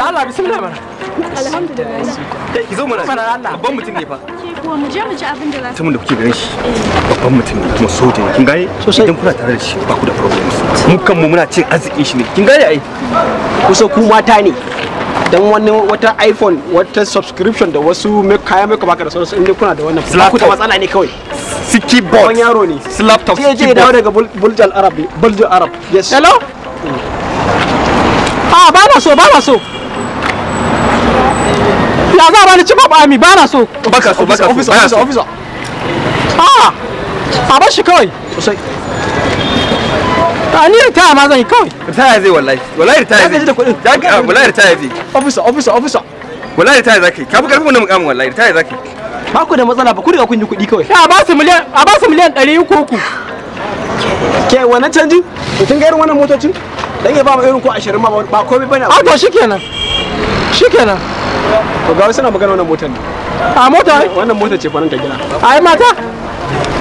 Allah bismillah mana. Alhamdulillah. Ki zo mana. Mana Allah. Babban mutum ne fa. Wa mu je mu ji abin da za su. da kuke ganin shi babban mutum ne kuma soja ne kin gaye idan kuna tare da shi ba ku da problems. Mu kanmu muna cin arzikin shi ne kin gaye ai. Kusa ku mata ne. dan wani wata iphone wata subscription da wasu kayan mai baka da sauransu inda kuna da wannan ku da matsala ne kawai siki bot wani yaro ne laptop siki bot je daga arab arab yes hello ah ba na so ba na so ya za bani chief of army ba na so baka so baka so officer officer a ah! a bar shi kawai sosai ta ah, ni ritaya ma zan yi kawai ritaya zai wallahi wallahi ritaya zai da kuɗin wallahi ritaya zai officer officer officer wallahi ritaya zaka ka bu karfin wannan mukamin wallahi ritaya zaka ba ku da matsala ba ku riga kun yi kuɗi kawai a ba su miliyan a ba su miliyan 300 ko ku ke wannan canji? mutum ga irin wannan motocin dan ya ba mu irin ko 20 ma ba komai bane a to shikenan shikenan to ga na magana wannan motar ne a mota wannan mota ce faran ta a ai mata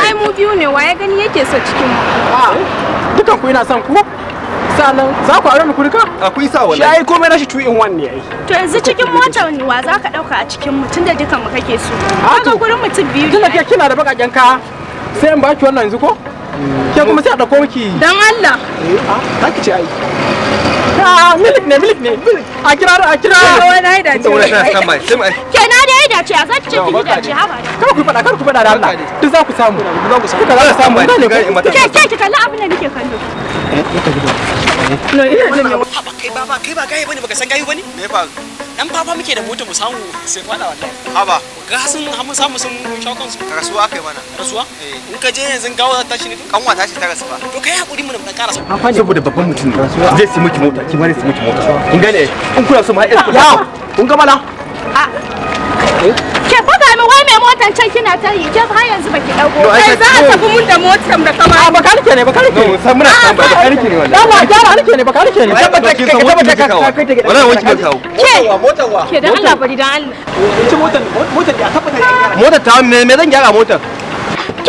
ai mu biyu ne wa ya gani yake so cikin mu dukan ku yana son ku sanan za ku aure mu a akwai sa wallahi shi ai komai nashi two in one ne ai to yanzu cikin motar ne wa za ka dauka a cikin mu tunda dukan mu kake so kaga gurin mutum biyu tunda ke kina da bakakken kaya sai in baki wannan yanzu ko ke kuma sai a dauko miki dan Allah eh a ce ai ah milik ne milik ne a kira a kira wani inda wurin tana kan mai sai da ya dace a zaki ce ki ha ba kar ku kar ku da Allah duk za ku samu za ku samu za ku samu ne ke ke ki kalli abin da nake kallo eh, no ina ba kai ba kai ba gaye bane baka san gaye bane me ba dan baba muke da mota mu samu sai fada wallahi haba ga sun hamu samu sun sha kansu rasuwa kai mana rasuwa eh. in ka je yanzu gawo ta tashi ne kanwa tashi ta rasu to kai hakuri mu dan karasa saboda babban mutum zai sai miki mota ki ma zai miki mota kin gane in kuna so ma ya kun ga bala eh? ke buga mi wai mai motan can kina ta yi ke har yanzu baki dago kai za a tafi mun da motan da kama a baka nake ne baka nake ne san muna san baka nake ne wallahi yawa yawa nake ne baka nake ne ka tabbata ka tabbata ka kai ta gida wallahi wanki ka kawo ke motan wa ke da Allah bari da Allah ce motan motan ya tabbata ya gyara motan ta me me zan gyara motan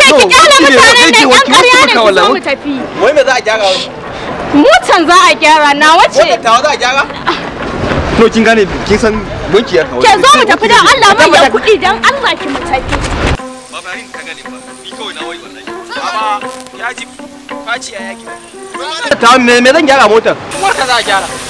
ke ki gyara mutanen ne yan ƙarya ne ku zo mu tafi wai me za a gyara motan za a gyara na wace motan ta za a gyara ah, kuma kin gane kin san wanki ya kawo ke zo mu tafi dan Allah mai da kudi dan Allah ki mutaki ba ba rin ka gane ba ni kawai na wai wannan baba ya ji faciya a yaki ta me me zan gyara motar motar za a gyara